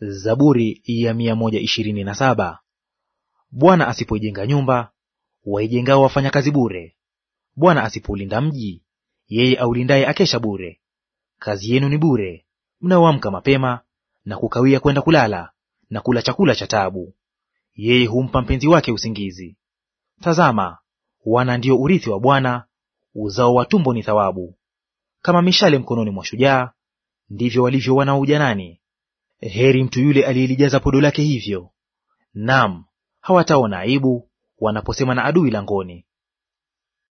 Zaburi ya saba. Bwana asipoijenga nyumba, waijengao wafanyakazi bure. Bwana asipoulinda mji, yeye aulindaye akesha bure. Kazi yenu ni bure, mnaoamka mapema na kukawia kwenda kulala na kula chakula cha taabu. Yeye humpa mpenzi wake usingizi. Tazama, wana ndio urithi wa Bwana, uzao wa tumbo ni thawabu. Kama mishale mkononi mwa shujaa, ndivyo walivyo wana wa ujanani Heri mtu yule aliyelijaza podo lake hivyo. Naam, hawataona aibu wanaposema na adui langoni.